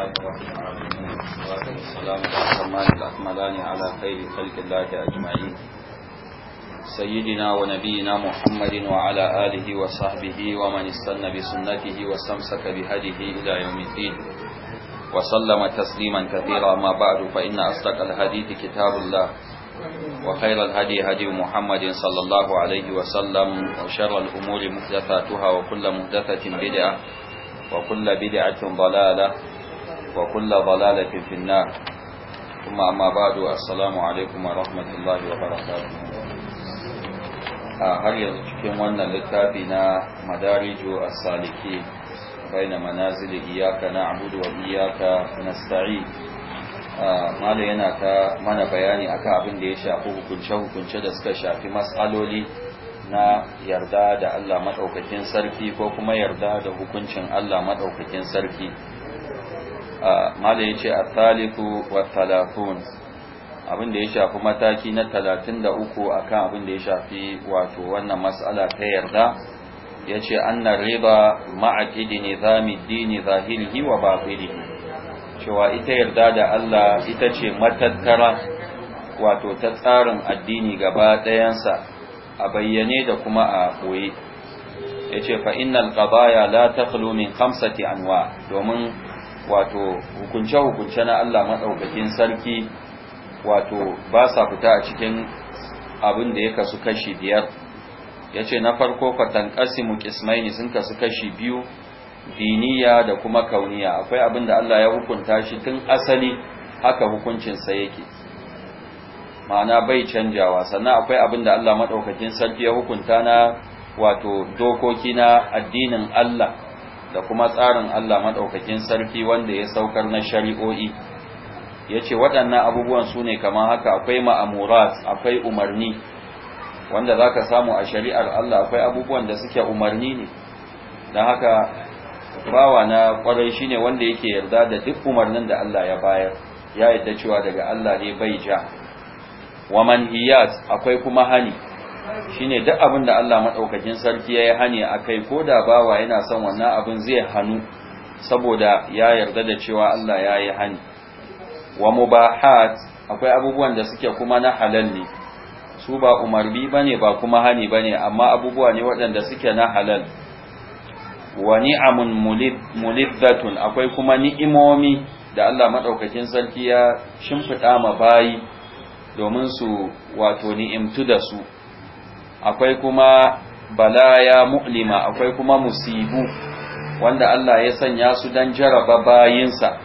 الله رب العالمين والسلام والسلام الأكملان على خير خلق الله أجمعين سيدنا ونبينا محمد وعلى آله وصحبه ومن استنى بسنته واستمسك بهديه إلى يوم الدين وسلم تسليما كثيرا ما بعد فإن أصدق الحديث كتاب الله وخير الهدي هدي محمد صلى الله عليه وسلم وشر الأمور محدثاتها وكل محدثة بدعة وكل بدعة ضلالة وكل ضلالة في النار ثم أما alaikum wa عليكم wa الله وبركاته har yanzu cikin wannan littafi na madarijo a saliki baina manazil iyyaka na'budu wa na nasta'in malai yana ta mana bayani akan abin da ya shafi hukunce hukunce da suka shafi matsaloli na yarda da Allah maɗaukakin sarki ko kuma yarda da hukuncin Allah maɗaukakin sarki mala ya ce a saliku wa thalathun abin da ya shafi mataki na talatin da uku akan abin da ya shafi wato wannan matsala ta yarda ya ce annar riba za mi dini zahirihi wa batinihi cewa ita yarda da Allah ita ce matattara wato ta tsarin addini gaba ɗayansa a bayyane da kuma a koyi. ya ce fa'innal ƙabaya la ta min kamsati anwa domin wato hukunce-hukunce na Allah maɗaukakin sarki wato ba sa fita a cikin abin da ya kasu kashi biyar ya ce na farko fatan ƙasimu ƙismaini sun kasu kashi biyu diniya da kuma kauniya akwai abin da Allah ya hukunta shi tun asali haka hukuncinsa yake ma'ana bai canjawa sannan akwai abin da Allah maɗaukakin sarki ya hukunta na wato dokoki na addinin Allah da kuma tsarin Allah madaukakin sarki wanda ya saukar na shari'o'i yace waɗannan abubuwan su ne kamar haka akwai ma'amurat akwai umarni wanda zaka samu a shari'ar Allah akwai abubuwan da suke umarni ne dan haka bawa na kwarai shine wanda yake yarda da duk umarnin da Allah ya bayar ya yarda cewa daga Allah ne bai ja wa manhiyat akwai kuma hani shine duk abin da Allah madaukakin sarki yayi hani akai ko da bawa yana son wannan abin zai hanu saboda ya yarda da cewa Allah yayi hani wa mubahat akwai abubuwan da suke kuma na halal ne su ba umarbi bane ba kuma hani bane amma abubuwa ne waɗanda suke na halal wa ni'amun muliddatun akwai kuma ni'imomi da Allah madaukakin sarki ya shimfida ma bayi domin su wato ni'imtu da su akwai kuma balaya mu'lima akwai kuma musibu wanda Allah ya sanya su dan jaraba bayinsa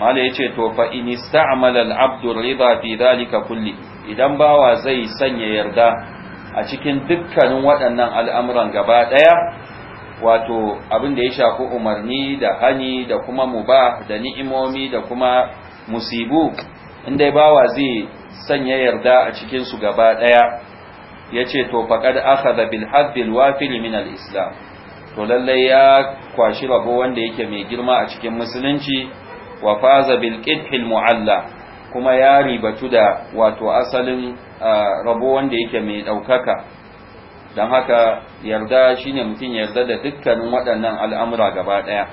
mala yace to fa in ista'mala al-abdu ridha fi dhalika kulli idan bawa zai sanya yarda a cikin dukkanin waɗannan al'amuran gaba ɗaya wato abin da ya shafi umarni da hani da kuma muba da ni'imomi da kuma musibu inda bawa zai sanya yarda a cikin su gaba ɗaya yace to faƙar akhadha da haddil wafil min al'islam, islam to lallai ya kwashi rabo wanda yake mai girma a cikin musulunci wa faza bil mu'alla kuma ya ribatu da wato asalin rabo wanda yake mai ɗaukaka. don haka yarda shine mutum yarda da dukkanin waɗannan al'amura gaba ɗaya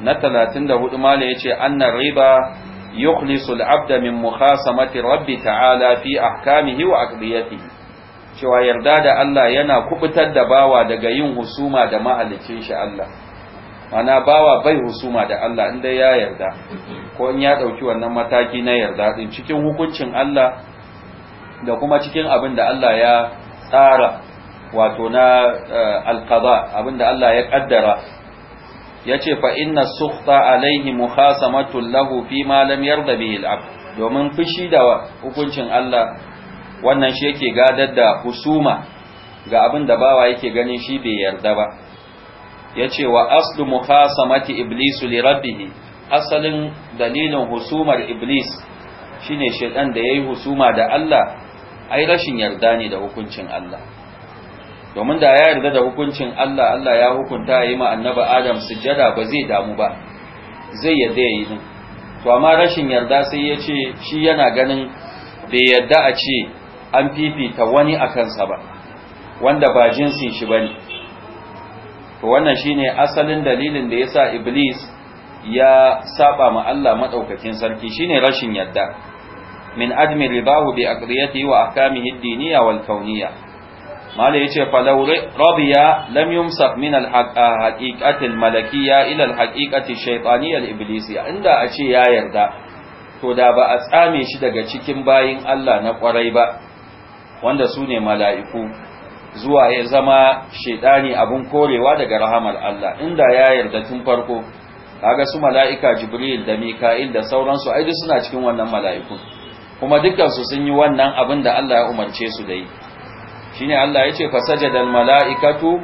na talatin da hudu mala yace annar riba yukhlisu abda min mukhasamati rabbi ta'ala fi ahkamihi wa aqdiyatihi cewa yarda da Allah yana kubutar da bawa daga yin husuma da mahalicin shi Allah mana bawa bai husuma da Allah inda ya yarda ko in ya dauki wannan mataki na yarda din cikin hukuncin Allah da kuma cikin abin da Allah ya tsara wato na eh, alqada abin da Allah ya kaddara yace fa inna sukhta alaihi mukhasamatu lahu fi ma lam yarda bihi al domin fushi da hukuncin Allah wannan shi yake gadar da husuma ga abin da bawa yake ganin shi bai yarda ba ya ce wa aslu muhasamati iblisu li rabbihi asalin dalilin husumar iblis shine shaytan da yayi husuma da Allah ai rashin yarda ne da hukuncin Allah domin da ya yarda da hukuncin Allah Allah ya hukunta yayi ma annabi Adam sujjada ba zai damu ba zai yarda yayi din to amma rashin yarda sai ya ce shi yana ganin bai yarda a ce an fifita wani a kansa ba wanda ba jinsin shi ba ne to wannan shine asalin dalilin da ya sa iblis ya saba ma Allah maɗaukakin sarki shine rashin yadda min admi ribahu bi aqdiyati wa ahkamihi ad-diniyya wal kauniya. mala yace falaw rabiya lam yumsak min al haqiqati al malakiyya ila al haqiqati shaytaniyya al inda a ce ya yarda to da ba a tsame shi daga cikin bayin Allah na kwarai ba wanda su ne mala'iku zuwa ya zama shaidani abin korewa daga rahamar Allah inda ya yarda tun farko kaga su mala'ika jibril da mika'il da sauransu ai suna cikin wannan mala'ikun kuma dukansu sun yi wannan abin da Allah ya umarce su da yi shine Allah ya ce fasajadal mala'ikatu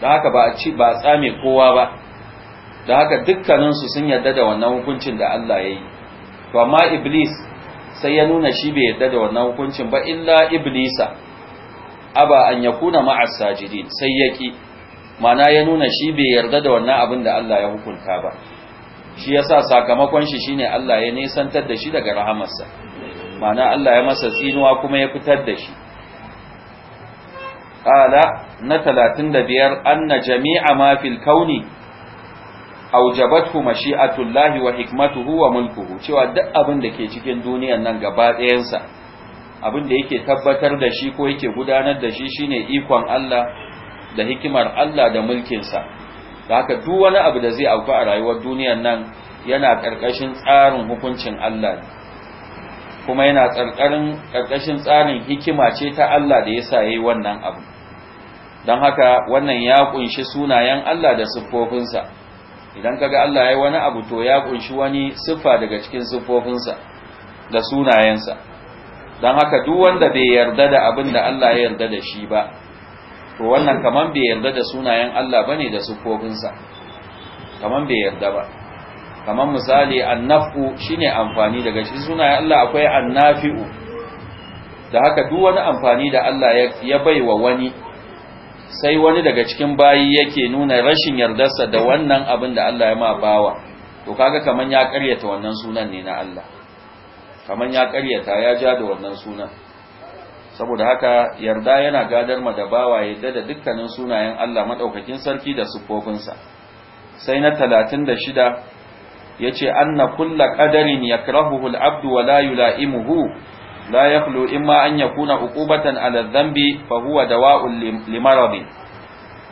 da haka ba a tsame kowa ba da haka dukkaninsu sun yarda da wannan hukuncin da Allah ya yi to amma iblis sai ya nuna shi bai yarda da wannan hukuncin ba illa iblisa aba an yakuna ma'as sajidin sai yaki mana ya nuna shi bai yarda da wannan abin da Allah ya hukunta ba shi yasa sakamakon shi shine Allah ya nisantar da shi daga rahamarsa mana Allah ya masa tsinuwa kuma ya fitar da shi qala na 35 anna jami'a ma fil kauni aujabathu mashi'atullahi wa hikmatuhu wa mulkuhu cewa duk abin da ke cikin duniyan nan gaba ɗayansa abin da yake tabbatar da shi ko yake gudanar da shi shine ikon Allah da hikimar Allah da mulkinsa da haka duk wani abu da zai auku a rayuwar duniyan nan yana ƙarƙashin tsarin hukuncin Allah kuma yana karkashin tsarin hikima ce ta Allah da yasa yayi wannan abu don haka wannan ya kunshi sunayen Allah da siffofinsa idan kaga Allah ya yi wani abu to ya kunshi wani siffa daga cikin siffofinsa da sunayensa don haka duk wanda bai yarda da abin da Allah ya yarda da shi ba to wannan kaman bai yarda da sunayen Allah ba ne da siffofinsa kaman bai yarda ba kaman misali annafu ne amfani daga shi sunayen Allah akwai annafi'u da haka duk wani amfani da Allah ya bai wa wani sai wani daga cikin bayi yake nuna rashin yardarsa da wannan abin da Allah ya ma bawa to kaga kaman ya karyata wannan sunan ne na Allah kaman ya karyata ya ja da wannan sunan saboda haka yarda yana gadar ma da bawa yadda da dukkanin sunayen Allah madaukakin sarki da sufofinsa sai na 36 yace anna kullu qadarin yakrahuhu al-abdu wa la yulaimuhu la in ma an yakuna uqubatan ala dhanbi fa huwa dawa'un limaradin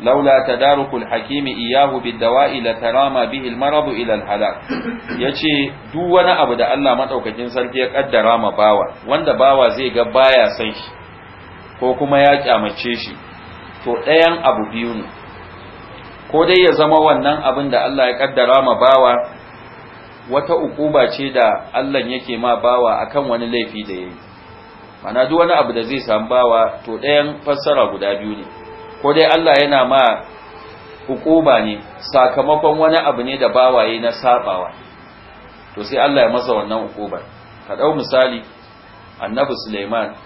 laula tadarukul hakimi iyahu bidawa'i la tarama bihi almaradu ila alhalak yace duk wani abu da Allah madaukakin sarki ya kaddara ma bawa wanda bawa zai ga baya san ko kuma ya kyamace shi to ɗayan abu biyu ne ko dai ya zama wannan abin da Allah ya ƙaddara ma bawa wata ukuba ce da Allah yake ma bawa akan wani laifi da yayi mana duk wani abu da zai samu bawa to ɗayan fassara guda biyu ne ko dai Allah yana ma ukuba ne sakamakon wani abu ne da bawaye na sabawa to sai Allah ya masa wannan ukuba ka dau misali annabi Sulaiman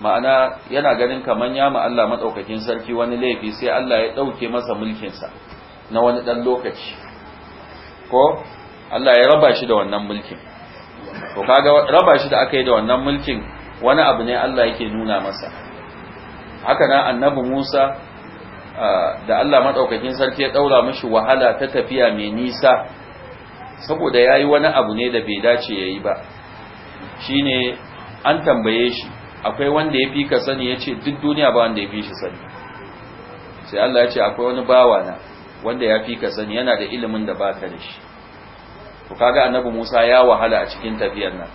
ma'ana yana ganin kaman ya ma Allah madaukakin sarki wani laifi sai Allah ya dauke masa mulkin sa na wani dan lokaci ko Allah ya raba shi da wannan mulkin to kaga raba shi da aka yi da wannan mulkin wani abu ne Allah yake nuna masa haka na annabi Musa da Allah madaukakin sarki ya daura mishi wahala ta tafiya mai nisa saboda yayi wani abu ne da bai dace yayi ba shine an tambaye shi akwai wanda ya fi ka sani yace duk duniya ba wanda ya fi shi sani sai Allah ya ce akwai wani bawa na wanda ya fi ka sani yana da ilimin da baka da shi to kaga annabi Musa ya wahala a cikin tafiyar nan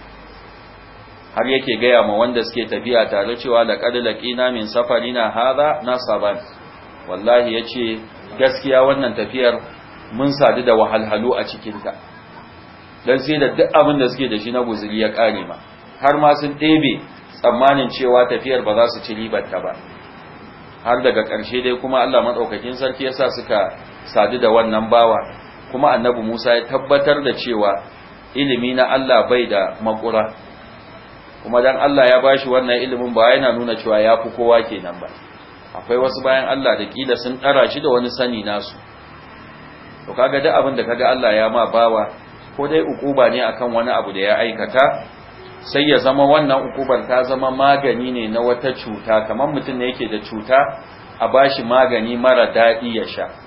har yake gaya ma wanda suke tafiya tare cewa laqad laqina min safarina hadha nasaban wallahi yace gaskiya wannan tafiyar mun sadu da wahalhalu a cikin ta dan sai da duk abin da suke da shi na guzuri ya kare ma har ma sun ɗebe tsammanin cewa tafiyar ba za su ci ribar ta ba har daga ƙarshe dai kuma Allah madaukakin sarki yasa suka sadu da wannan bawa kuma annabi Musa ya tabbatar da cewa ilimi na Allah bai da makura kuma dan Allah ya bashi wannan ilimin ba yana nuna cewa ya fi kowa kenan ba akwai wasu bayan Allah da kila sun tsara shi da wani sani nasu to kaga duk abin da kaga Allah ya ma bawa ko dai ukuba ne akan wani abu da ya aikata sai ya zama wannan ukubar ta zama magani ne na wata cuta kamar mutum ne yake da cuta a bashi magani mara daɗi ya sha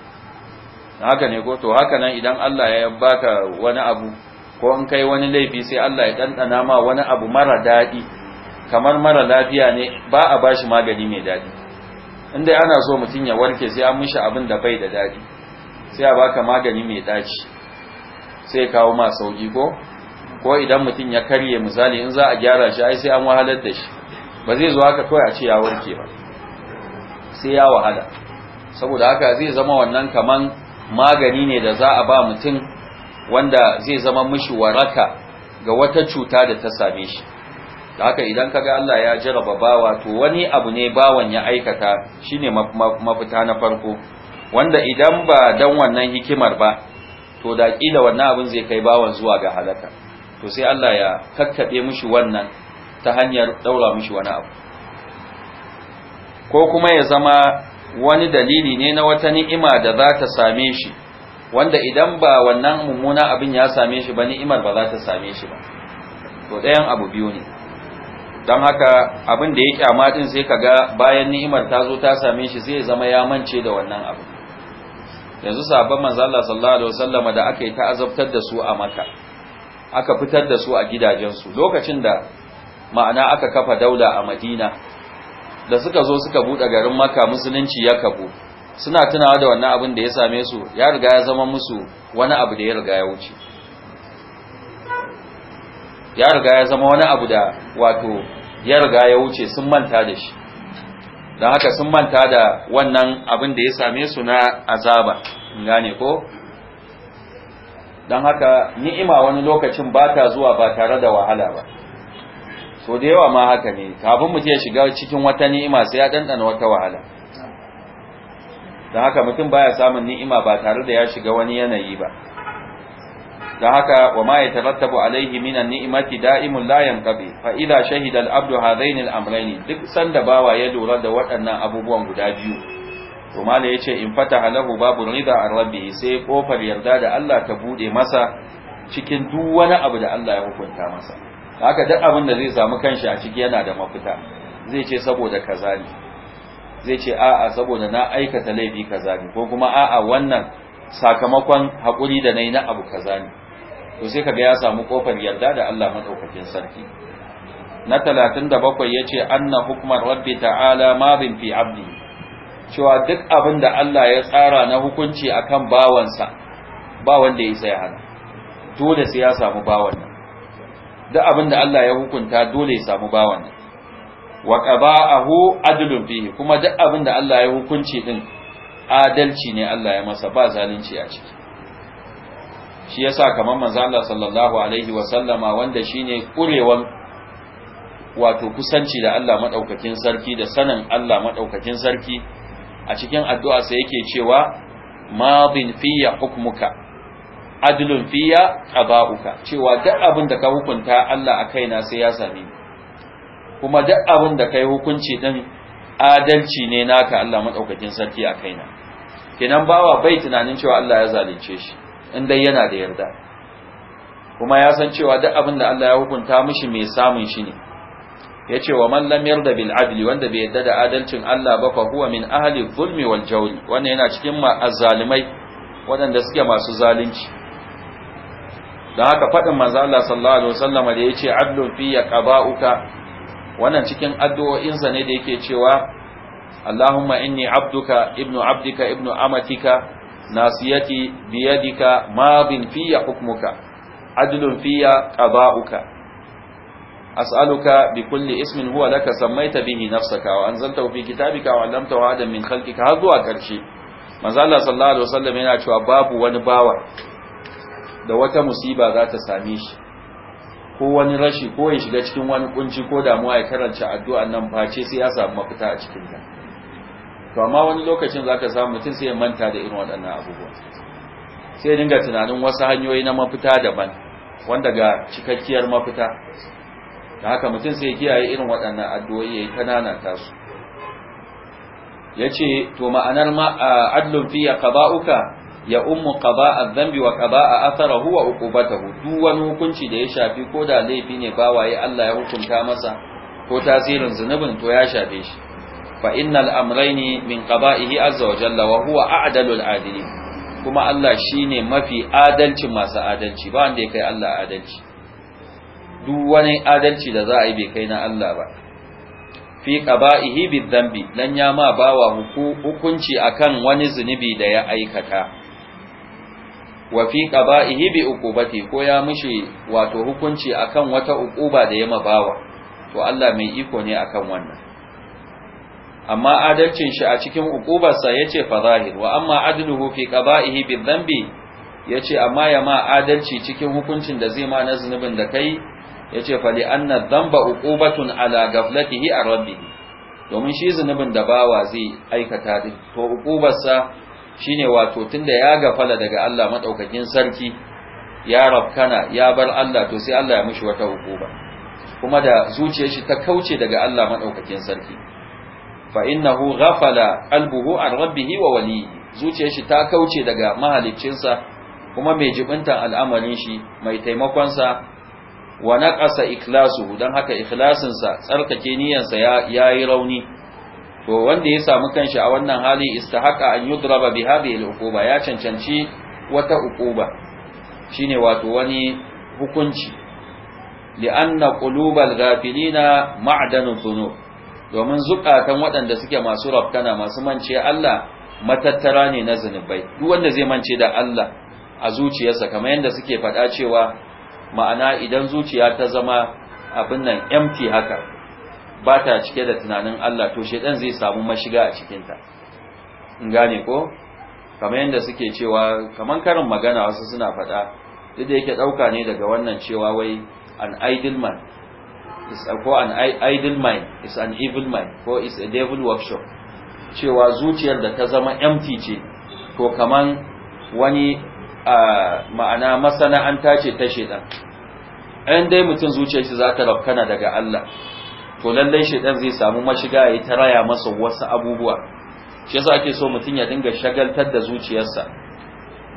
haka ne ko to haka nan idan Allah ya baka wani abu ko in kai wani laifi sai Allah ya dandana ma wani abu mara dadi kamar mara lafiya ne ba a bashi magani mai dadi inda ana so mutum ya warke sai an mishi abin da bai da dadi sai a baka magani mai daci sai kawo ma sauki ko ko idan mutun ya karye misali in za a gyara shi ai sai an wahalar da shi ba zai zo haka kawai a ce ya warke ba sai ya wahala saboda haka zai zama wannan kaman magani ne da za a ba mutum wanda zai zama mishi waraka ga wata cuta da ta same shi da haka idan kaga Allah ya jaraba bawa to wani abu ne bawan ya aikata shine mafita na farko wanda idan ba dan wannan hikimar ba to da kila wannan abin zai kai bawan zuwa ga halaka to sai Allah ya kakkabe mishi wannan ta hanyar daura mishi wani abu ko kuma ya zama wani dalili ne na wata ni'ima da za ta same shi wanda idan ba wannan mummuna abin ya same shi ba ni'imar ba za ta same shi ba to ɗayan abu biyu ne don haka abin da ya kyama din sai ga bayan ni'imar ta zo ta same shi zai zama ya mance da wannan abu yanzu sabon manzo Allah sallallahu alaihi wasallama da aka yi ta azabtar da su a maka, aka fitar da su a gidajensu lokacin da ma'ana aka kafa daula a Madina da suka zo suka buɗe garin maka musulunci ya kafu suna tunawa da wannan abin da ya same su ya riga ya zama musu wani abu da ya riga ya wuce ya riga ya zama wani abu da wato ya riga ya wuce sun manta da shi don haka sun manta da wannan abin da ya same su na azaba gane ko don haka ni'ima wani lokacin ba ta zuwa ba tare da wahala ba so da yawa ma haka ne kafin mutum ya shiga cikin wata ni'ima sai ya ɗanɗana wata wahala don haka mutum baya samun ni'ima ba tare da ya shiga wani yanayi ba da haka wa ma yatarattabu alaihi minan ni'imati da'imun la yanqabi fa idza shahida al-abdu hadaini al-amrayn duk sanda bawa ya lura da waɗannan abubuwan guda biyu to mala yace in fataha lahu babu rida an rabbi sai kofar yarda da Allah ta bude masa cikin duk wani abu da Allah ya hukunta masa haka duk abin da zai samu kanshi a ciki yana da mafita zai ce saboda kaza ne zai ce a'a saboda na aikata laifi kaza ne ko kuma a'a wannan sakamakon haƙuri da nayi na abu kaza ne to sai kaga ya samu kofar yarda da Allah madaukakin sarki na 37 yace anna hukmar rabbi ta'ala bin fi abdi cewa duk abin da Allah ya tsara na hukunci akan bawansa ba wanda ya sai hana dole sai ya samu bawan nan duk abin da Allah ya hukunta dole ya samu bawan wa qaba'ahu adlun bihi kuma duk abin da Allah ya hukunci din adalci ne Allah ya masa ba zalunci a ciki shi yasa kamar manzo Allah sallallahu alaihi wa sallama wanda shine kurewan wato kusanci da Allah madaukakin sarki da sanin Allah madaukakin sarki a cikin addu'a sai yake cewa madin fiya hukmuka adlun fiya qada'uka cewa duk abin da ka hukunta Allah a kaina sai ya same ni kuma duk abin da kai hukunci din adalci ne naka Allah madaukakin sarki a kaina kenan bawa bai tunanin cewa Allah ya zalunce shi in dai yana da yarda kuma ya san cewa duk abin da Allah ya hukunta mishi mai samun shi ne ya ce wa man lam yarda bil adli wanda bai yarda da adalcin Allah ba fa huwa min ahli zulmi wal jawl wannan yana cikin azzalimai waɗanda suke masu zalunci da haka faɗin manzo Allah sallallahu alaihi wasallam da yace adlun fi qaba'uka wannan cikin addu'o'insa ne da yake cewa Allahumma inni abduka ibnu abdika ibnu amatika nasiyati biyadika madin fi hukmuka adlun fi qaba'uka as'aluka kulli ismin huwa laka sammaita bihi nafsaka wa anzaltahu fi kitabika wa 'allamtahu adam min khalqika har zuwa ƙarshe manzo Allah sallallahu alaihi wasallam yana cewa babu wani bawa da wata musiba za ta same shi ko wani rashi ko ya shiga cikin wani kunci ko damuwa ya karanta addu'an nan face sai ya samu mafita a cikin ta to amma wani lokacin zaka samu mutum sai ya manta da irin waɗannan abubuwa sai ya dinga tunanin wasu hanyoyi na mafita daban wanda ga cikakkiyar mafita da haka mutum sai ya kiyaye irin waɗannan addu'o'i yayi kanana tasu su yace to ma'anar ma adlun fiya qada'uka ya ummu qada'a dhanbi wa qada'a atharahu wa uqubatahu duk wani hukunci da ya shafi ko da laifi ne bawaye Allah ya hukunta masa ko tasirin zunubin to ya shafe shi fa innal amrayni min qada'ihi azza wa jalla wa huwa a'dalul adili kuma Allah shine mafi adalcin masu adalci ba wanda ya kai Allah adalci duk wani adalci da za a yi bai kai na Allah ba fi qaba'ihi dhanbi dan ya ma bawa hukunci akan wani zunubi da ya aikata wa fi qaba'ihi bi uqubati ko ya mushi wato hukunci akan wata uquba da ya mabawa to Allah mai iko ne akan wannan amma adalcin shi a cikin uqubarsa yace fa zahir wa amma adluhu fi qaba'ihi bi dhanbi yace amma ya ma adalci cikin hukuncin da zai ma na zunubin da kai yace fa li anna dhanba uqubatun ala ghaflatihi ar rabbi domin shi zunubin da bawa zai aikata to uqubarsa shine wato tunda ya gafala daga Allah madaukakin sarki ya rabkana ya bar Allah to sai Allah ya mishi wata hukuma kuma da zuciyar shi ta kauce daga Allah madaukakin sarki fa innahu ghafala qalbuhu an rabbih wa waliyi zuciyar shi ta kauce daga mahaliccinsa kuma mai jibintan al'amarin shi mai taimakon sa wa naqasa ikhlasuhu dan haka sa tsarkake sa ya yayi rauni to wanda ya samu kanshi a wannan hali istahaqa an yudraba bi hadhihi al-uquba ya cancanci wata uquba shine wato wani hukunci li'anna qulubal ghafilina ma'danu dhunub domin zukatan waɗanda suke masu rafkana masu mance Allah matattara ne na zunubai duk wanda zai mance da Allah a zuciyarsa kamar yadda suke faɗa cewa ma'ana idan zuciya ta zama abin nan empty haka ba ta cike da tunanin Allah to shedan zai samu mashiga a cikinta in gane ko kamar yadda suke cewa kamar karin magana wasu suna faɗa duk da yake ɗauka ne daga wannan cewa wai an idle man is a, ko an idle mind is an evil mind ko is a devil workshop cewa zuciyar da ta zama empty ce to kamar wani ma'ana masana'anta ce ta shedan ɗan dai mutum zuciyarsu za ta rafkana daga Allah to lallai dan zai samu mashiga yi ta raya masa wasu abubuwa shi yasa ake so mutum ya dinga shagaltar da zuciyarsa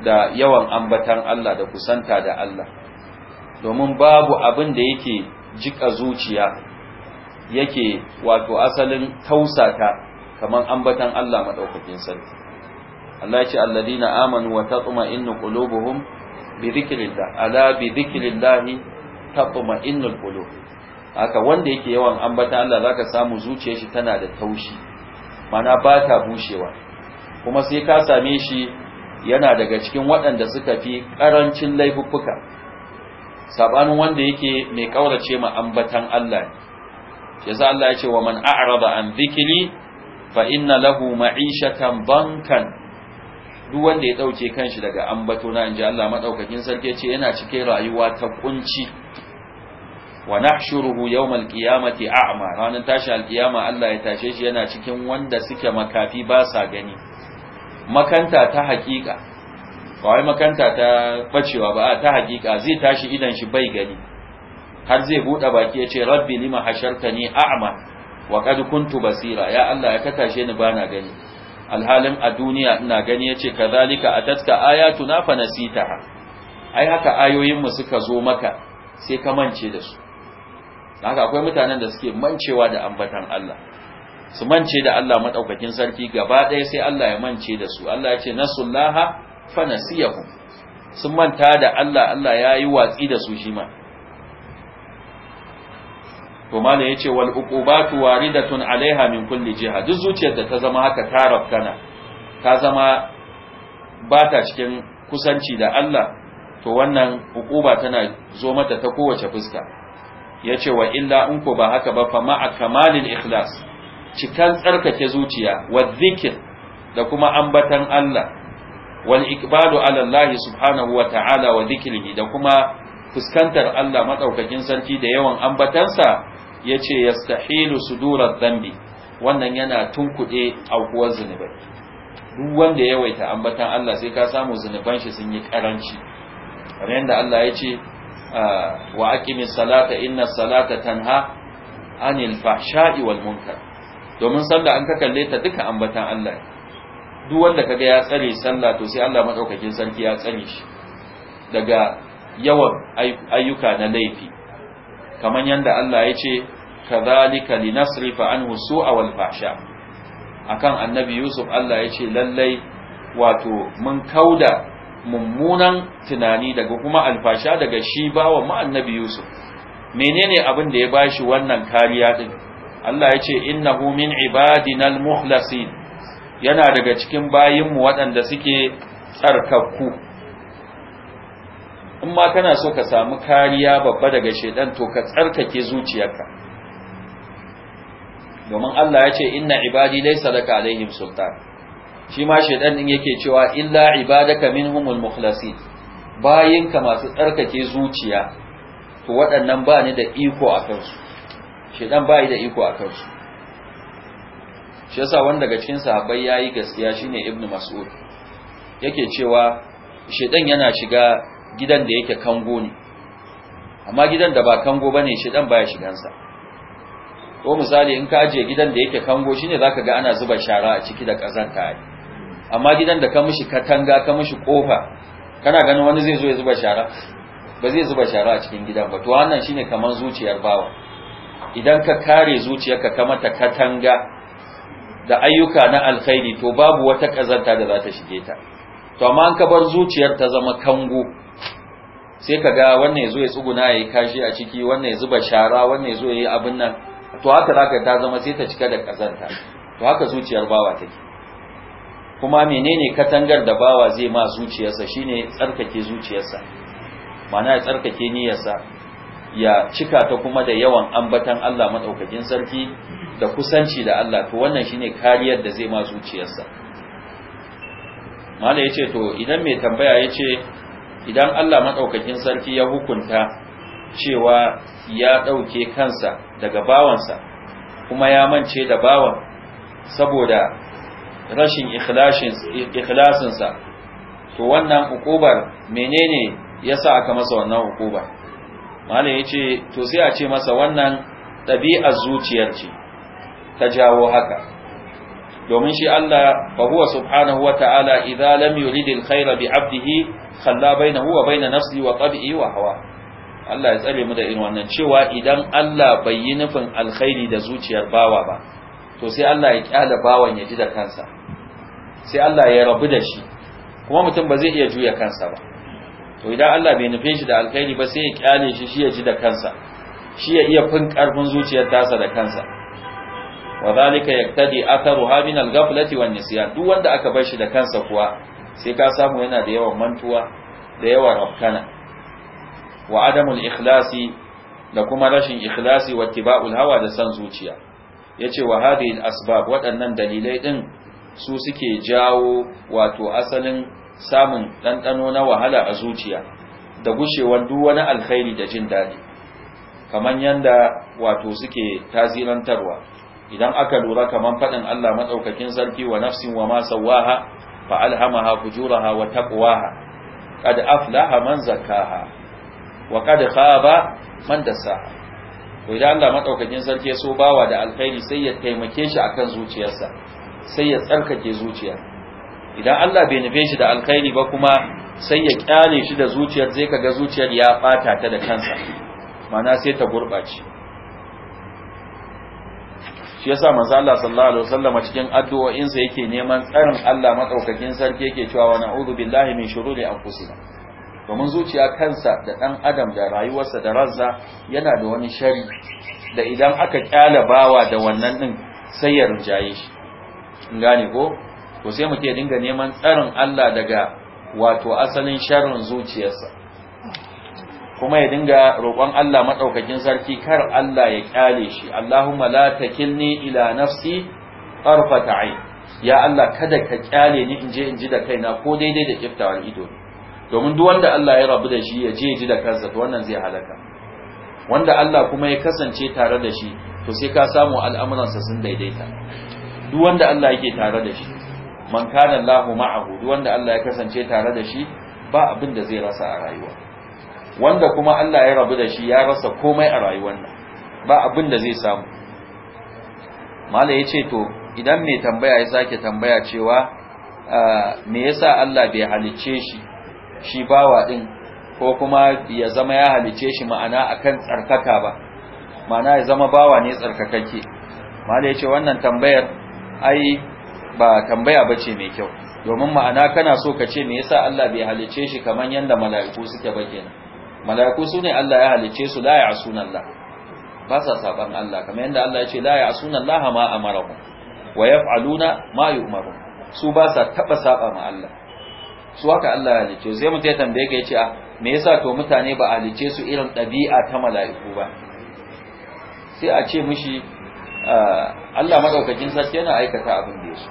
da yawan ambatan Allah da kusanta da Allah domin babu abin da yake jika zuciya yake wato asalin tausata kamar ambatan Allah madaukakin sarki Allah ya ce alladina amanu wa tatma'innu qulubuhum bi dhikrillah ala bi dhikrillah tatma'innul qulub haka wanda yake yawan ambata Allah zaka samu zuciyar shi tana da taushi mana ba ta bushewa kuma sai ka same shi yana daga cikin waɗanda suka fi ƙarancin laifuffuka sabanin wanda yake mai kaurace ma ambatan Allah yasa Allah ya ce wa man a'rada an dhikri fa inna lahu ma'ishatan bankan duk wanda ya dauke kanshi daga ambato na inji Allah madaukakin sarki ce yana cikin rayuwa ta kunci wa nahshuruhu yawmal qiyamati a'ma ranar tashi alkiyama Allah ya tashe shi yana cikin wanda suke makafi ba sa gani makanta ta hakika wai makanta ta bacewa ba ta hakika zai tashi idan shi bai gani har zai bude baki ya ce rabbi lima hashartani a'ma wa qad kuntu basira ya Allah ya katashe ni bana gani alhalin a duniya ina gani yace kadhalika atatka ayatuna fa nasitaha ai haka ayoyin mu suka zo maka sai ka mance da su Da haka akwai mutanen da suke mancewa da ambatan Allah su mance da Allah madaukakin sarki gaba ɗaya sai Allah ya mance da su Allah ya ce nasullaha fa nasiyahum sun manta da Allah Allah ya yi watsi da su shi ma to malam yace wal uqubatu waridatun alaiha min kulli jiha duk zuciyar da ta zama haka ta rafkana ta zama ba ta cikin kusanci da Allah to wannan hukuba tana zo mata ta kowace fuska ya ce wa illa in ko ba haka ba fa a kamalin ikhlas cikan tsarkake zuciya wa zikir da kuma ambatan Allah wal ikbalu ala Allah subhanahu wa ta'ala wa zikrihi da kuma fuskantar Allah madaukakin sarki da yawan ambatansa yace yastahilu sudurar dhanbi wannan yana tunkuɗe aukuwar zunubai duk wanda ya yawaita ambatan Allah sai ka samu zunuban shi sun yi karanci kamar yadda Allah ya ce wa aqimis salata inna salata tanha anil fahsha'i wal munkar domin sallah an ka kalle ta duka ambatan Allah duk wanda kaga ya tsare sallah to sai Allah madaukakin sarki ya tsare shi daga yawan ayyuka na laifi kamar yanda Allah ya ce kadhalika linasrifa anhu su'a wal fahsha akan annabi Yusuf Allah ya ce lallai wato mun kauda mummunan tunani daga kuma alfasha daga shi ba wa annabi Yusuf menene abin da ya bashi wannan kariya din Allah ya ce innahu min ibadinal muhlasin yana daga cikin bayinmu waɗanda suke tsarkakku in ma kana so ka samu kariya babba daga shedan to ka tsarkake zuciyarka domin Allah ya ce inna ibadi dai sadaka alaihim sultan shi ma shaidan din yake cewa illa ibadaka minhumul mukhlasin bayinka masu tsarkake zuciya to waɗannan ba ni da iko a kansu shaidan ba da iko a kansu shi yasa wanda daga cikin sahabbai yayi gaskiya shine ibnu mas'ud yake cewa shaidan yana shiga gidan da yake kango ne amma gidan da ba kango bane shaidan baya shigansa ko misali in ka aje gidan da yake kango shine zaka ga ana zuba shara a ciki da kazanta amma gidan da ka mishi katanga ka mishi kofa kana ganin wani zai zo ya zuba shara ba zai zuba shara a cikin gidan ba to wannan shine kamar zuciyar bawa idan ka kare zuciyar ka mata katanga da ayyuka na alkhairi to babu wata kazanta da za ta shige ta to amma an ka bar zuciyar ta zama kango sai ka ga wannan ya zo ya tsuguna ya yi kashi a ciki wannan ya zuba shara wannan ya zo ya yi abin nan to haka za ka ta zama sai ta cika da kazanta to haka zuciyar bawa take kuma menene katangar da bawa zai ma zuciyarsa shine tsarkake zuciyarsa mana ya tsarkake niyyarsa ya cika ta kuma da yawan ambatan Allah madaukakin sarki da kusanci da Allah to wannan shine kariyar da zai ma zuciyarsa mana yace to idan mai tambaya yace idan Allah madaukakin sarki ya hukunta cewa ya dauke kansa daga bawansa kuma ya mance da bawan saboda rashin ikhlasinsa to wannan hukubar menene yasa aka masa wannan hukubar ya yace to sai a ce masa wannan ɗabi'ar zuciyar ce ta jawo haka domin shi Allah fa subhanahu wa ta'ala idza lam yurid al bi 'abdihi khalla bainahu wa bain nafsihi wa tabi'i wa hawa Allah ya tsare mu da irin wannan cewa idan Allah bai yi nufin alkhairi da zuciyar bawa ba to sai Allah ya kyala bawan ya ji da kansa sai Allah ya rabu da shi kuma mutum ba zai iya juya kansa ba to idan Allah bai nufe shi da alkhairi ba sai ya kyale shi shi ya ji da kansa shi ya iya fin karfin zuciyar tasa da kansa wa zalika yaktadi atharuha min al-ghaflati wan nisyan duk wanda aka bar shi da kansa kuwa sai ka samu yana da yawan mantuwa da yawan rafkana wa adamul ikhlasi da kuma rashin ikhlasi wa tiba'ul hawa da san zuciya yace wa hadhihi asbab waɗannan dalilai ɗin su suke jawo wato asalin samun ɗanɗano na wahala a zuciya da gushewar duk wani alkhairi da jin daɗi kamar yadda wato suke tazirantarwa idan aka lura kamar faɗin Allah maɗaukakin sarki wa nafsin wa ma sawaha fa alhamaha fujuraha wa taqwaha qad aflaha man zakkaha wa qad khaba man dasaha to idan Allah madaukakin sarki so bawa da alkhairi sai ya taimake shi akan zuciyarsa sai ya tsarkake zuciya idan Allah bai nufe shi da alkhairi ba kuma sai ya kyale shi da zuciyar zai kaga zuciyar ya bata ta da kansa mana sai ta gurbace shi yasa manzo Allah sallallahu alaihi wasallam cikin addu'o'insa yake neman tsarin Allah madaukakin sarki yake cewa wa na'udhu billahi min shururi anfusina domin zuciya kansa da ɗan adam da rayuwarsa da ransa yana da wani shari da idan aka kyala bawa da wannan ɗin sai ya rinjaye shi in gane ko ko sai muke dinga neman tsarin Allah daga wato asalin sharrin zuciyarsa kuma ya dinga roƙon Allah maɗaukakin sarki kar Allah ya kyale shi Allahumma la takilni ila nafsi tarfata ai, ya Allah kada ka kyale ni in je in ji da kaina ko daidai da kiftawar ido ne domin duk wanda Allah ya rabu da shi ya je ji da kansa to wannan zai halaka wanda Allah kuma ya kasance tare da shi to sai ka samu al'amuransa sun daidaita duk wanda Allah yake tare da shi man kana Allahu ma'ahu duk wanda Allah ya kasance tare da shi ba abin da zai rasa a rayuwa wanda kuma Allah ya rabu da shi ya rasa komai a rayuwar nan ba abin da zai samu mala ya ce to idan mai tambaya ya sake tambaya cewa ah, me yasa Allah bai halicce shi shi bawa din ko kuma ya zama ya halice shi ma'ana akan tsarkaka ba ma'ana ya zama bawa ne tsarkakakke ma'ana yace wannan tambayar ai ba tambaya bace mai kyau domin ma'ana kana so ka ce me yasa Allah bai halice shi kaman yanda mala'iku suke ba kenan mala'iku sune Allah ya halice su la ya'suna Allah ba sa saban Allah kamar yanda Allah ya ce la ya'suna Allah ma amarahu wa yaf'aluna ma yu'maru su ba sa taba saba ma Allah su haka Allah ya halice sai mutum ya tambaye ka ya ce a ah, me yasa to mutane ba halice su irin ɗabi'a ta mala'iku ba sai a ce mishi ah, Allah madaukakin sarki yana aikata abin da yasu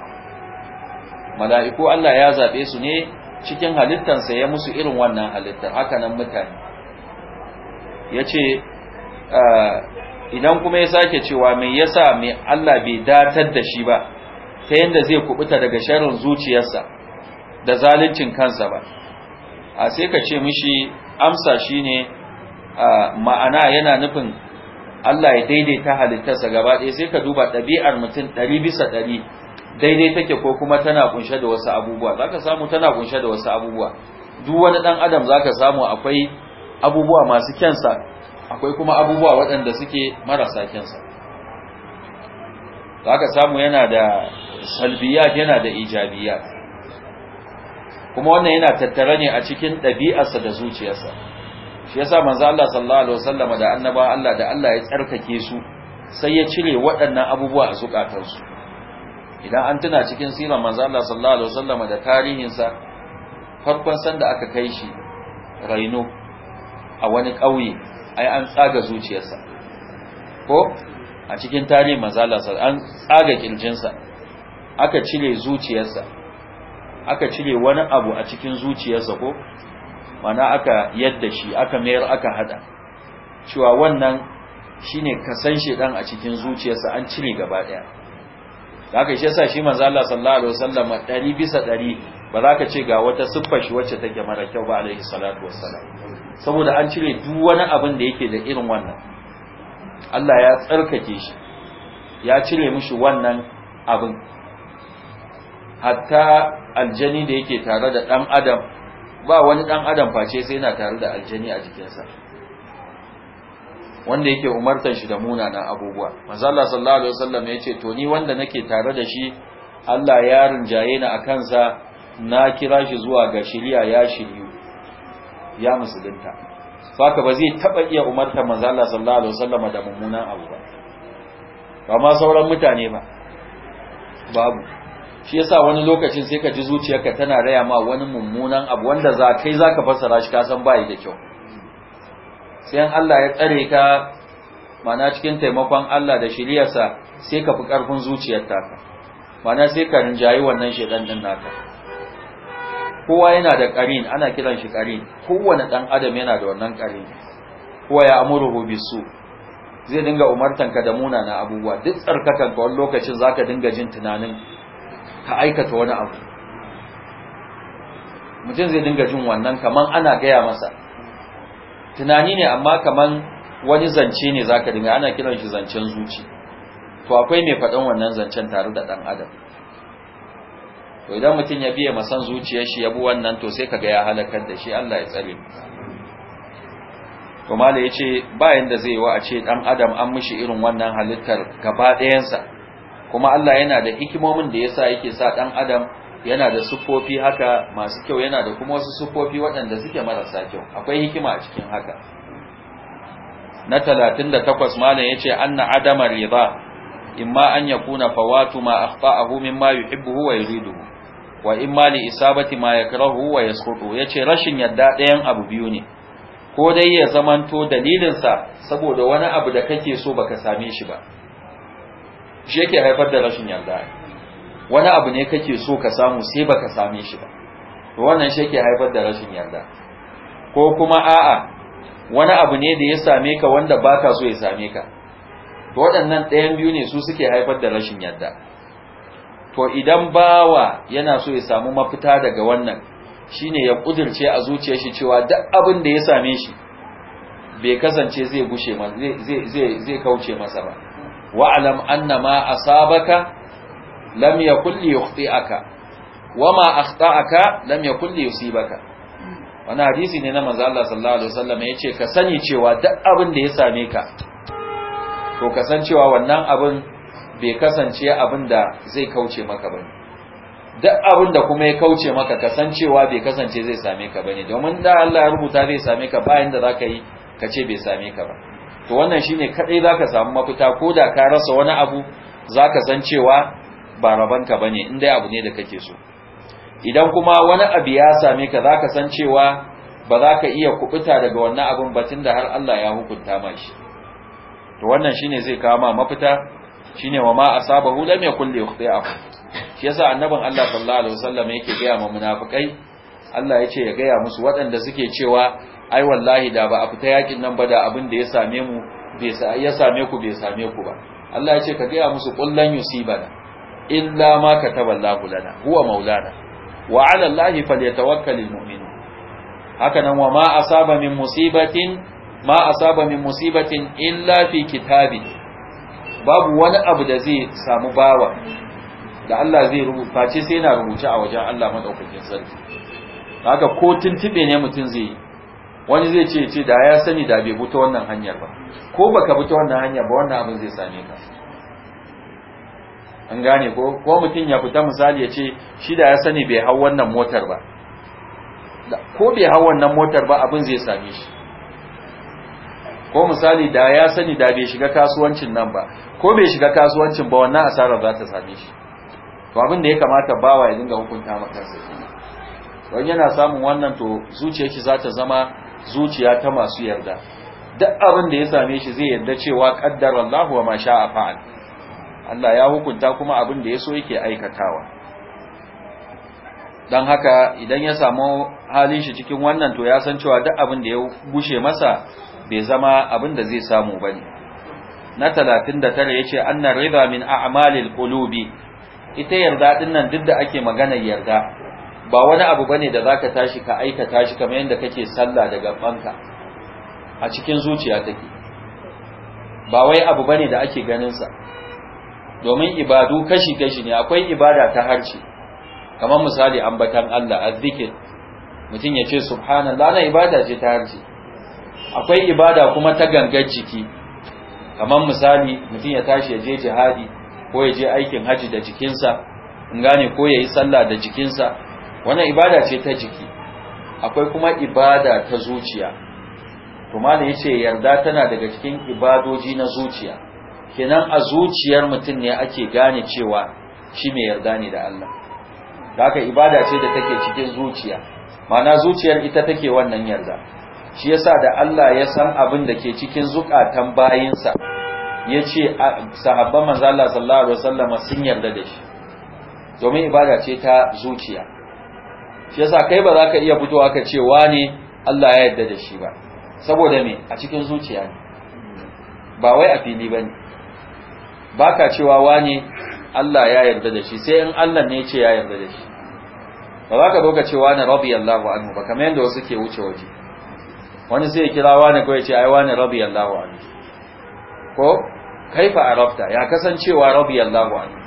mala'iku Allah ya zabe su ne cikin sa ya musu irin wannan halittar haka nan mutane yace ah, idan kuma ya sake cewa me yasa me Allah bai datar da shi ba ta yanda zai kubuta daga sharrin zuciyarsa da zaluncin kansa ba a sai ka ce mishi amsa shi ne ma'ana yana nufin Allah ya daidaita halittarsa gaba ɗaya sai ka duba ɗabi'ar mutum ɗari bisa ɗari daidai take ko kuma tana kunshe da wasu abubuwa za ka samu tana kunshe da wasu abubuwa duk wani ɗan adam za ka samu akwai abubuwa masu kyansa akwai kuma abubuwa waɗanda suke marasa kyansa za ka samu yana da salbiyat yana da ijabiyat kuma wannan yana tattare ne a cikin ɗabi'arsa da zuciyarsa shi yasa manzo Allah sallallahu alaihi wasallama da annaba Allah da Allah ya tsarkake su sai ya cire waɗannan abubuwa a su idan an tuna cikin sirar manzo Allah sallallahu alaihi wasallama da tarihinsa farkon sanda aka kai shi raino a wani ƙauye ai an tsaga zuciyarsa ko a cikin tarihin manzo Allah an tsaga kirjinsa aka cire zuciyarsa aka cire wani abu a cikin zuciyarsa ko mana aka yadda shi aka mayar aka hada cewa wannan shine kasan ɗan a cikin zuciyarsa an cire gaba daya haka shi yasa shi manzo Allah sallallahu alaihi wasallam 100 bisa 100 ba za ka ce ga wata siffar shi wacce take mara kyau ba alaihi salatu wassalam saboda an cire duk wani abin da yake da irin wannan Allah ya tsarkake shi ya cire mishi wannan abin hatta aljani da yake tare da ɗan adam ba wani ɗan adam face sai yana tare da aljani a jikinsa wanda yake umartar shi da munanan abubuwa mazala sallallahu alaihi wasallam ya ce to ni wanda nake tare da shi Allah ya rinjaye ni a kansa na kira shi zuwa ga shiriya ya shiryu ya musulunta saka ba zai taba iya umartar mazala sallallahu alaihi wasallam da mummunan abu ba amma sauran mutane ba babu shi yasa wani lokacin sai ka ji zuciyarka tana raya ma wani mummunan abu wanda za kai za ka fassara shi san bayi da kyau sai an Allah ya tsare ka mana cikin taimakon Allah da shiriyarsa sai ka fi ƙarfin zuciyar taka mana sai ka rinjayi wannan shedan din naka kowa yana da ƙarin ana kiran shi ƙarin kowane ɗan adam yana da wannan ƙarin kowa ya amuruhu bisu zai dinga umartanka da munana abubuwa duk tsarkakanka wani lokacin zaka dinga jin tunanin ka aikata wani abu mutum zai dinga jin wannan kaman ana gaya masa tunani ne amma kaman wani zance ne zaka dinga ana kiran shi zancen zuci to akwai mai faɗin wannan zancen tare da ɗan adam to idan mutum ya biya masan zuciyar shi ya bi wannan to sai kaga ya halakar da shi Allah ya tsare to mala yace bayan da zai wa a ce dan adam an mishi irin wannan halittar gaba ɗayansa kuma Allah yana da hikimomin da yasa yake sa dan adam yana da sufofi haka masu kyau yana da kuma wasu sufofi waɗanda suke marasa kyau akwai hikima a cikin haka na 38 malam yace anna adama riba imma an yakuna fawatu ma akhta'ahu mimma yuhibbu wa yuridu wa imma li isabati ma yakrahu wa yasqutu yace rashin yadda ɗayan abu biyu ne ko dai ya zamanto dalilinsa saboda wani abu da kake so baka same shi ba shi yake haifar da rashin yarda wani abu ne kake so ka samu sai baka same shi ba to wannan shi yake haifar da rashin yarda ko kuma a'a wani abu ne da ya same ka wanda baka so ya same ka to waɗannan ɗayan biyu ne su suke haifar da rashin yarda to idan bawa yana so ya samu mafita daga wannan shine ya kudirce a zuciyar shi cewa duk abin da ya same shi bai kasance zai gushe zai kauce masa ba wa'alam anna ma asabaka lam yakul yukhti'aka wama akhta'aka lam yakul yusibaka wani hadisi ne na manzo Allah sallallahu alaihi wasallam yace ka sani cewa duk abin da ya same ka to ka san cewa wannan abin bai kasance abin da zai kauce maka bane duk abin da kuma ya kauce maka ka san cewa bai kasance zai same ka bane domin da Allah ya rubuta zai same ka bayan da zaka yi ka ce bai same ka ba to wannan shine kadai zaka samu mafita ko da ka rasa wani abu zaka san cewa ba rabanka bane in dai abu ne da kake so idan kuma wani abu ya same ka zaka san cewa ba za ka iya kubuta daga wannan abun ba tunda har Allah ya hukunta ma shi to wannan shine zai kama ma mafita shine wa ma asabahu lam yakul li yukhti'ahu shi yasa annabin Allah sallallahu alaihi wasallam yake ga ma munafikai Allah yace ya ga ya musu waɗanda suke cewa ai wallahi da ba a fita yakin nan ba da abin da ya same mu ya same ku bai same ku ba Allah ya ce ka gaya musu kullan yusibana illa ma Allah lana huwa maulana wa ala allahi falyatawakkal almu'min haka nan wa ma asaba min musibatin ma asaba min musibatin illa fi kitabi babu wani abu da zai samu bawa da Allah zai rubuta ce sai na rubuta a wajen Allah madaukakin sarki haka ko tuntube ne mutun zai yi wani zai ce ce da ya sani da bai buta wannan hanyar ba ko baka buta wannan hanyar ba wannan abin zai same ka an gane ko ko mutum ya fita misali ya ce shi da ya sani bai hau wannan motar ba ko bai hau wannan motar ba abin zai same shi ko misali da ya sani da bai shiga kasuwancin nan ba ko bai shiga kasuwancin ba wannan asarar za ta same shi to abin da ya kamata bawa ya dinga hukunta maka sai wani yana samun wannan to zuciyarki za ta zama zuciya ta masu yarda duk abin da ya same shi zai yarda cewa 'Qaddarallahu Allahu wa ma sha'a fa'al Allah ya hukunta kuma abin da yaso yake aikatawa dan haka idan ya samu halin shi cikin wannan to ya san cewa duk abin da ya gushe masa bai zama abin da zai samu bane na 39 yace annar riba min a'malil qulubi ita yarda din nan duk da ake magana yarda ba wani abu bane da zaka tashi ka aikata shi kamar yadda kake sallah da gabanka a cikin zuciya take ba wai abu bane da ake ganin sa domin ibadu kashi kashi ne akwai ibada ta harce kamar misali ambatan Allah azzikir mutum ya ce subhanallah na ibada ce ta harce akwai ibada kuma ta gangar jiki kamar misali mutum ya tashi ya je jihadi ko ya je aikin haji da jikinsa in gane ko ya yi sallah da jikinsa wannan ibada ce ta jiki akwai kuma ibada ta zuciya to ma ya ce yarda tana daga cikin ibadoji na zuciya kenan a zuciyar mutum ne ake gane cewa shi mai yarda ne da Allah da haka ibada ce da take cikin zuciya mana zuciyar ita take wannan yarda shi yasa da Allah ya san abin da ke cikin zukatan bayinsa ya ce sahabban manzo Allah sallallahu alaihi wasallam sun yarda da shi domin ibada ce ta zuciya shi yasa kai ba za ka iya fitowa ka ce ne Allah ya yarda da shi ba saboda me a cikin zuciya ne ba wai a fili bane baka cewa ne Allah ya yarda da shi sai in Allah ne ce ya yarda da shi ba za ka cewa ka ce Allah wa anhu ba kamar yadda wasu ke wuce waje wani sai ya kira wani ko ya ce ai wani wa anhu ko kaifa arafta ya kasancewa wa anhu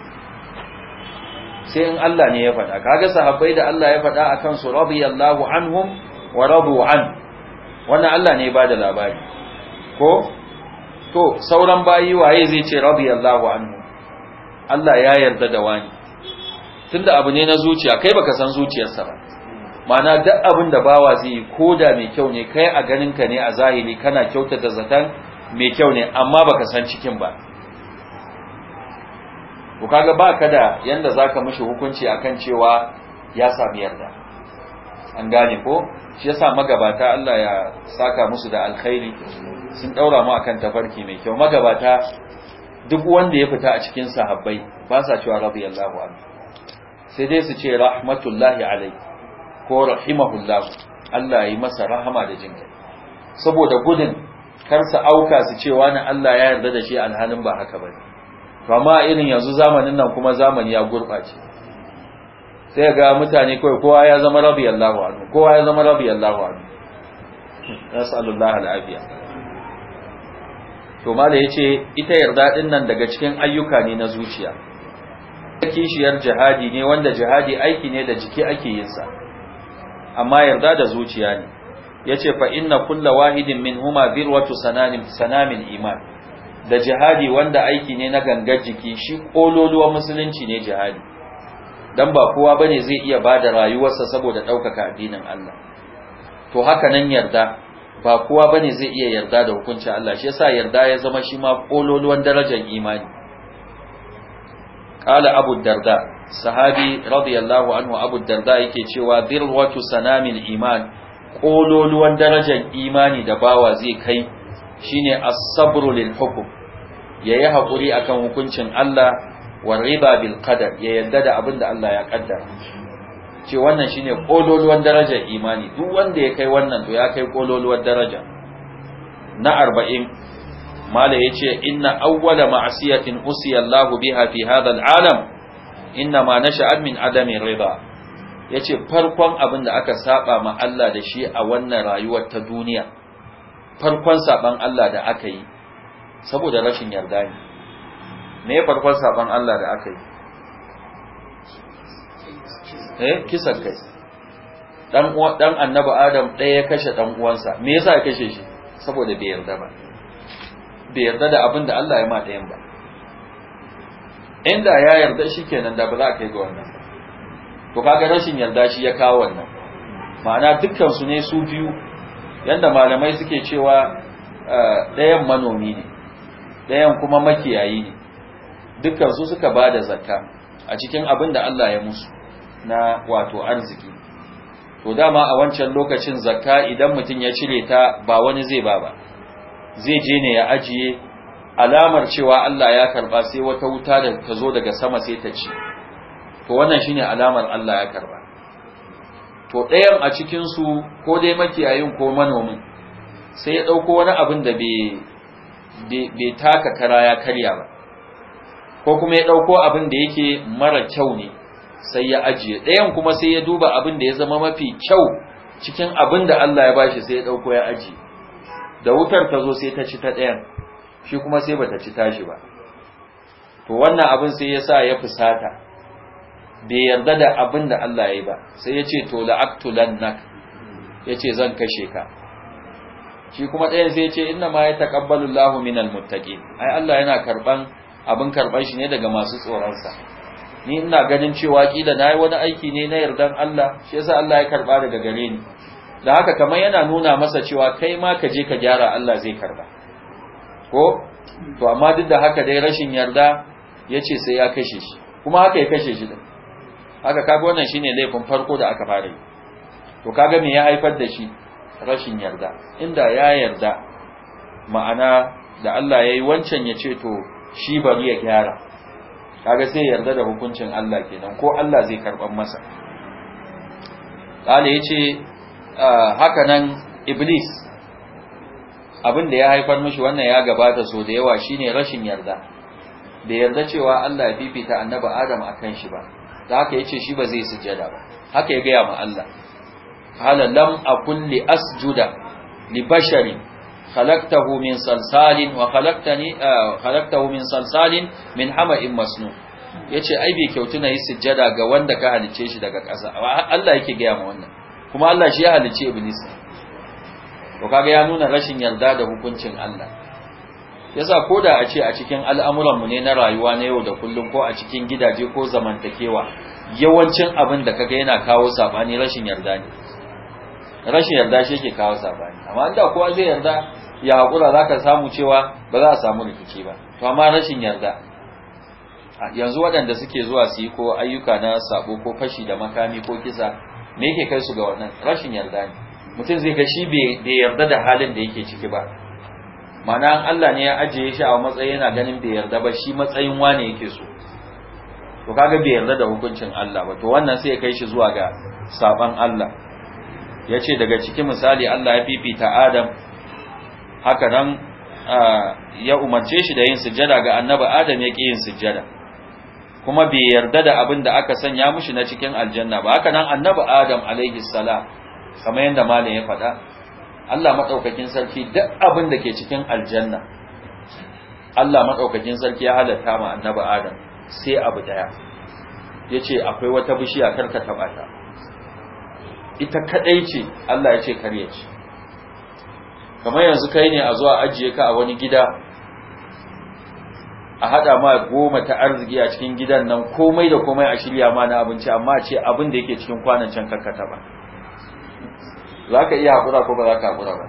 sai in Allah ne ya faɗa kaga sahabbai da Allah ya faɗa akan su radiyallahu anhum wa radu an wannan Allah ne ba da labari ko to sauran bayi waye zai ce radiyallahu anhu Allah ya yarda da wani tunda abu ne na zuciya kai baka san zuciyarsa ba mana duk abin da bawa zai yi koda mai kyau ne kai a ganin ka ne a zahiri kana kyautata zatan mai kyau ne amma baka san cikin ba to kaga ba ka da yanda zaka mishi hukunci akan cewa ya sami yarda an gane ko shi yasa magabata Allah ya saka musu da alkhairi sun daura mu akan tafarki mai kyau magabata duk wanda ya fita a cikin sahabbai ba sa cewa radiyallahu anhu sai dai su ce rahmatullahi alai ko rahimahullah Allah yi masa rahama da jinkai saboda gudun kar su auka su cewa wani Allah ya yarda da shi alhalin ba haka bane to amma irin yanzu zamanin nan kuma zamani ya gurbace. sai ga mutane kai kowa ya zama radiyallahu anhu kowa ya zama radiyallahu anhu nasallallahu alafiya to mala yace ita yarda din nan daga cikin ayyuka ne na zuciya kishiyar jihadi ne wanda jihadi aiki ne da jiki ake yin sa amma yarda da zuciya ne yace fa inna kullu wahidin huma birwatu sanamin sanamin iman da jihadi wanda aiki ne na gangar jiki shi kololuwa musulunci ne jihadi dan ba kowa bane zai iya bada rayuwarsa saboda ɗaukaka addinin Allah to haka nan yarda ba kowa bane zai iya yarda da hukuncin Allah shi yasa yarda ya zama shi ma kololuwan darajar imani qala abu darda sahabi radiyallahu anhu abu darda yake cewa dirwatu sanamil iman kololuwan darajar imani da bawa zai kai shine as-sabru lil hukm yayi hakuri akan hukuncin Allah wa riba bil qadar ya yadda da abin da Allah ya kaddara ce wannan shine kololuwan daraja imani duk wanda ya kai wannan to ya kai kololuwar daraja na 40 mala yace inna awwala ma'asiyatin usiya Allahu biha fi hadha al-alam inna ma nasha'at min adami riba yace farkon abin da aka saba ma Allah da shi a wannan rayuwar ta duniya farkon saban Allah da aka yi saboda rashin yarda ne me farkon saban Allah da aka yi eh kisan kai dan dan annabi adam ɗaya ya kashe dan uwansa me yasa ya kashe shi saboda bai yarda ba bai yarda da abin da Allah ya ma ɗayan ba inda ya yarda shikenan da ba za ka yi ga wannan to kaga rashin yarda shi ya kawo wannan ma'ana dukkan su ne su biyu yanda malamai suke cewa eh, ɗayan manomi ne ɗayan kuma makiyayi ne dukkan suka ba da zakka a cikin abin da Allah ya musu na wato arziki to dama a wancan lokacin zakka idan mutum ya cire ta ba wani zai ba ba zai je ne ya ajiye alamar cewa Allah ya karba sai wata wuta da ta zo daga sama sai ta ci to wannan shine alamar Allah ya karba to ɗayan a cikinsu ko dai makiyayin ko manomin sai ya ɗauko wani abin da bai taka kara ya karya ba ko kuma ya ɗauko abin da yake mara kyau ne sai ya ajiye ɗayan kuma sai ya duba abin da ya zama mafi kyau cikin abin da Allah ya bashi sai ya ɗauko ya ajiye da wutar ta zo sai ta ci ta ɗayan shi kuma sai ba ta ci tashi ba to wannan abin sai ya sa ya fusata bai yarda da abin da Allah ya yi ba sai ya ce to la'aktulannaka ya ce zan kashe ka shi kuma ɗaya sai ya ce inna ma ya taƙabbalu Allahu minal muttaqin ai Allah yana karban abin karban shi ne daga masu tsoronsa ni ina ganin cewa kila nayi wani aiki ne na yardan Allah shi yasa Allah ya karba daga gare ni da haka kamar yana nuna masa cewa kai ma ka je ka gyara Allah zai karba ko to amma duk da haka dai rashin yarda yace sai ya kashe shi kuma haka ya kashe shi din haka kaga wannan shine laifin farko da aka fara yi to kaga me ya haifar da shi rashin yarda inda ya yarda ma'ana da Allah yayi wancan ya ce to shi bari ya gyara kaga sai yarda da hukuncin Allah kenan ko Allah zai karban masa Allah yace ah, haka nan iblis abin da ya haifar mishi wannan ya gabata so da yawa shine rashin yarda da yarda cewa Allah ya fifita annabi Adam akan shi ba da haka ya ce shi ba zai sujjada ba haka ya gaya ma Allah kala lam akun li asjuda li basharin khalaqtahu min salsalin wa khalaqtani ah, khalaqtahu min salsalin min hama'in masnu yace ai bai kyautu na yi sujjada ga wanda ka halice shi daga ƙasa Allah yake gaya ma wannan kuma Allah shi ya halice iblis to kaga ya nuna rashin yarda da hukuncin Allah yasa ko da a ce a cikin al'amuranmu ne na rayuwa na yau da kullum ko a cikin gidaje ko zamantakewa yawancin abin da kaga yana kawo sabani rashin yarda ne rashin yarda shi yake kawo sabani amma inda kowa zai yarda ya hakura zaka samu cewa ba za a samu rikici ba to amma rashin yarda yanzu waɗanda suke zuwa su yi ko ayyuka na sabo ko fashi da makami ko kisa me yake kai su ga wannan rashin yarda ne mutum zai ga shi bai yarda da halin da yake ciki ba mana Allah ne ya ajiye shi a matsayi yana ganin bai yarda ba shi matsayin wane yake so to kaga bai yarda da hukuncin Allah ba to wannan sai ya kai shi zuwa ga saban Allah yace daga cikin misali Allah ya fifita Adam haka nan ya umarce shi da yin sujjada ga annabi Adam ya ki yin sujjada kuma bai yarda da abin da aka sanya mushi na cikin aljanna ba haka nan annabi Adam alaihi salam kamar yadda malam ya faɗa Allah maɗaukakin sarki duk abin da ke cikin aljanna Allah maɗaukakin sarki ya halatta ma annabi Adam sai abu daya yace akwai wata bishiya karka taba ta ita kadai ce Allah yace kare ce kamar yanzu kai ne a zuwa ajiye ka a wani gida a hada ma goma ta arziki a cikin gidan nan komai da komai a shirya ma na abinci amma ce abin da yake cikin kwanan can karka ba za ka iya haƙura ko ba za ka haƙura ba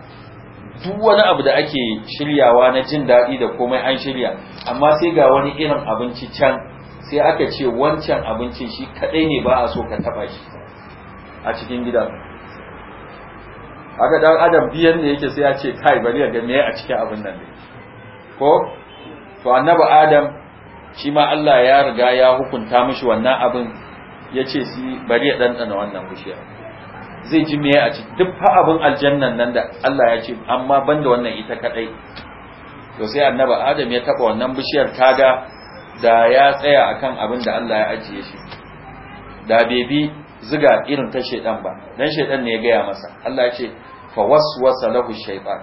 duk wani abu da ake shiryawa na jin daɗi da komai an shirya amma sai ga wani irin abinci can sai aka ce wancan abincin shi kaɗai ne ba a so ka taɓa shi a cikin gidan haka ɗan adam biyan ne yake sai a ce kai bari ya ga a cikin abin nan ne ko to annabi adam shi ma Allah ya riga ya hukunta mishi wannan abin ya ce bari ya ɗanɗana wannan bishiyar zai ji meye a ciki duk fa abin aljannan nan da Allah ya ce amma banda wannan ita kadai to sai annaba, adam ya taba wannan bishiyar kaga da ya tsaya akan abin da Allah ya ajiye shi da bebi ziga irin ta shedan ba dan shedan ne ya gaya masa Allah ya ce fa waswasa lahu shaytan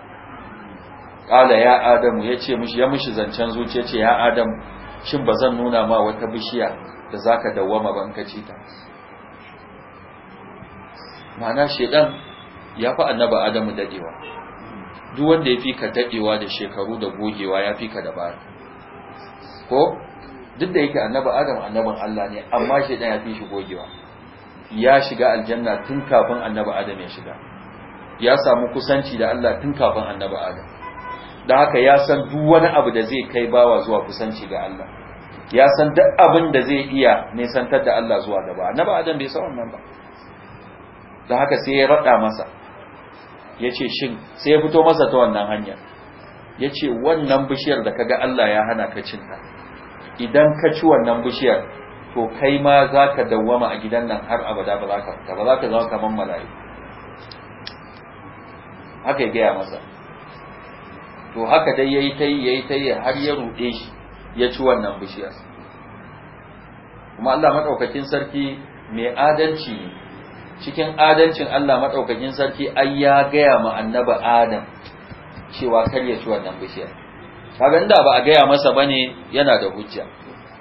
Kala ya adamu yace mishi ya mishi zancen zuciya ce ya adam shin bazan nuna ma wata bishiya da zaka dawwama ban ka ta ma'ana shedan ya fi annaba adamu dadewa duk wanda ya fi ka dadewa da shekaru da gogewa ya fi ka dabara ko duk da yake annaba adam annaban Allah ne amma shedan ya fi shi gogewa ya shiga aljanna tun kafin annaba adam ya shiga ya samu kusanci da Allah tun kafin annaba adam da haka ya san duk wani abu da zai kai bawa zuwa kusanci ga Allah ya san duk abin da zai iya nisantar da Allah zuwa gaba annaba adam bai san wannan ba da haka sai ya raɗa masa ya ce shin sai ya fito masa ta wannan hanya ya ce wannan bishiyar da kaga Allah ya hana ka cinta idan ka ci wannan bishiyar to kai ma za ka dawwama a gidan nan har abada ba za ka fita ba za ka zama kamar mala'i haka ya gaya masa to haka dai ya yi ta yi ya yi ta yi har ya ruɗe shi ya ci wannan bishiyar kuma Allah maɗaukakin sarki mai adalci ne. cikin adalcin Allah madaukakin sarki ai ya gaya ma annaba Adam cewa kar ya ci wannan bishiyar kaga inda ba a gaya masa bane yana da hujja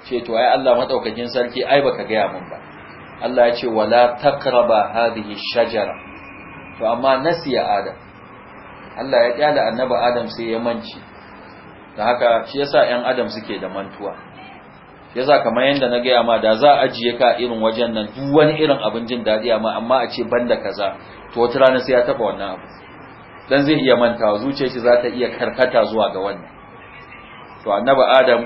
ce to ai Allah madaukakin sarki ai baka gaya mun ba Allah ya ce wala taqraba hadhihi shajara to amma nasiya Adam Allah ya kyala annaba Adam sai ya manci da haka shi yasa 'yan adam suke da mantuwa yasa kamar yanda na gaya ma da za a ajiye ka irin wajen nan duk wani irin abin jin daɗi amma amma a ce banda kaza to wata rana sai ya taba wannan abu dan zai iya mantawa zuciyar shi za ta iya karkata zuwa ga wannan to annabi adam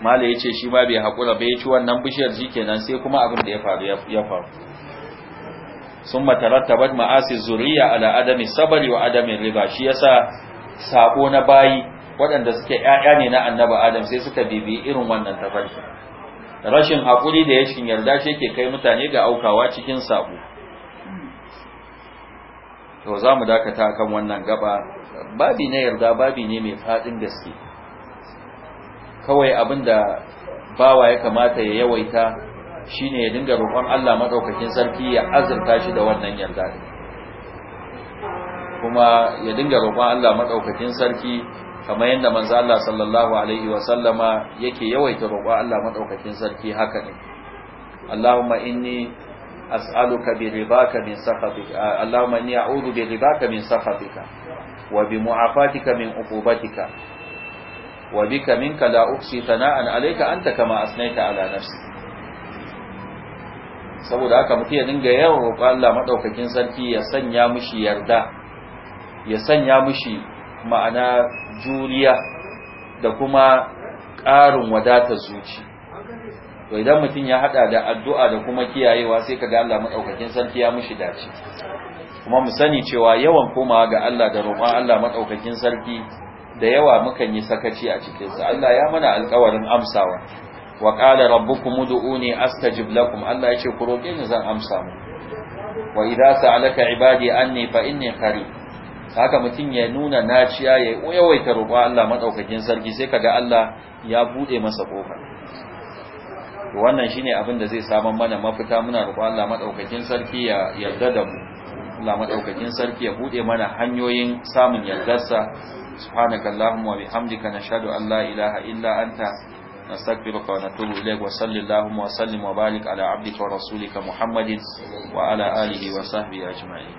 mala ya ce shi ma bai hakura bai ci wannan bishiyar ji kenan sai kuma abin da ya faru ya faru sun matarattabat ma'asi zuriya ala adami sabari wa adami riba shi yasa sako na bayi waɗanda suke ‘ya'ya ne na annaba Adam sai suka bibi irin wannan tafarki. Rashin haƙuri da ya cikin yarda shi ke kai mutane ga aukawa cikin sabu. To za mu dakata kan wannan gaba, babi na yarda babi ne mai faɗin gaske. Kawai abin da bawa ya kamata ya yawaita shine ne ya dinga roƙon Allah maɗaukakin sarki ya azurta shi da wannan yarda. Kuma ya dinga roƙon Allah maɗaukakin sarki kamar yadda manzo Allah sallallahu alaihi wa sallama yake yawaita roƙo Allah madaukakin sarki haka ne Allahumma inni as'aluka bi ribaka min sakhatika Allahumma inni a'udhu bi ribaka min sakhatika wa bi mu'afatika min uqubatika wa bika minka la uksi sana'an alayka anta kama asnaita ala nafsi saboda haka mutum ya dinga yawan roƙon Allah madaukakin sarki ya sanya mishi yarda ya sanya mishi ma'ana juriya da kuma ƙarin wadatar zuci to idan mutum ya hada da addu'a da kuma kiyayewa sai kaga Allah madaukakin sarki ya mishi dace kuma mu sani cewa yawan komawa ga Allah da roƙon Allah madaukakin sarki da yawa mukan yi sakaci a cikin sa Allah ya mana alƙawarin amsawa wa qala rabbukum ud'uni astajib lakum Allah yace ku roƙe ni zan amsa mu wa idza sa'alaka ibadi anni fa inni qarib haka mutum ya nuna naciya ya yawaita roƙo Allah Maɗaukakin sarki sai kaga Allah ya buɗe masa ƙofa. to wannan shine abin da zai saman mana mafita muna roƙo Allah maɗaukakin sarki ya yarda da mu Allah maɗaukakin sarki ya buɗe mana hanyoyin samun yardarsa subhanakallahumma wa bihamdika nashhadu an la ilaha illa anta نستغفرك ونتوب إليك وصل اللهم وسلم وبارك على عبدك ورسولك محمد وعلى آله وصحبه أجمعين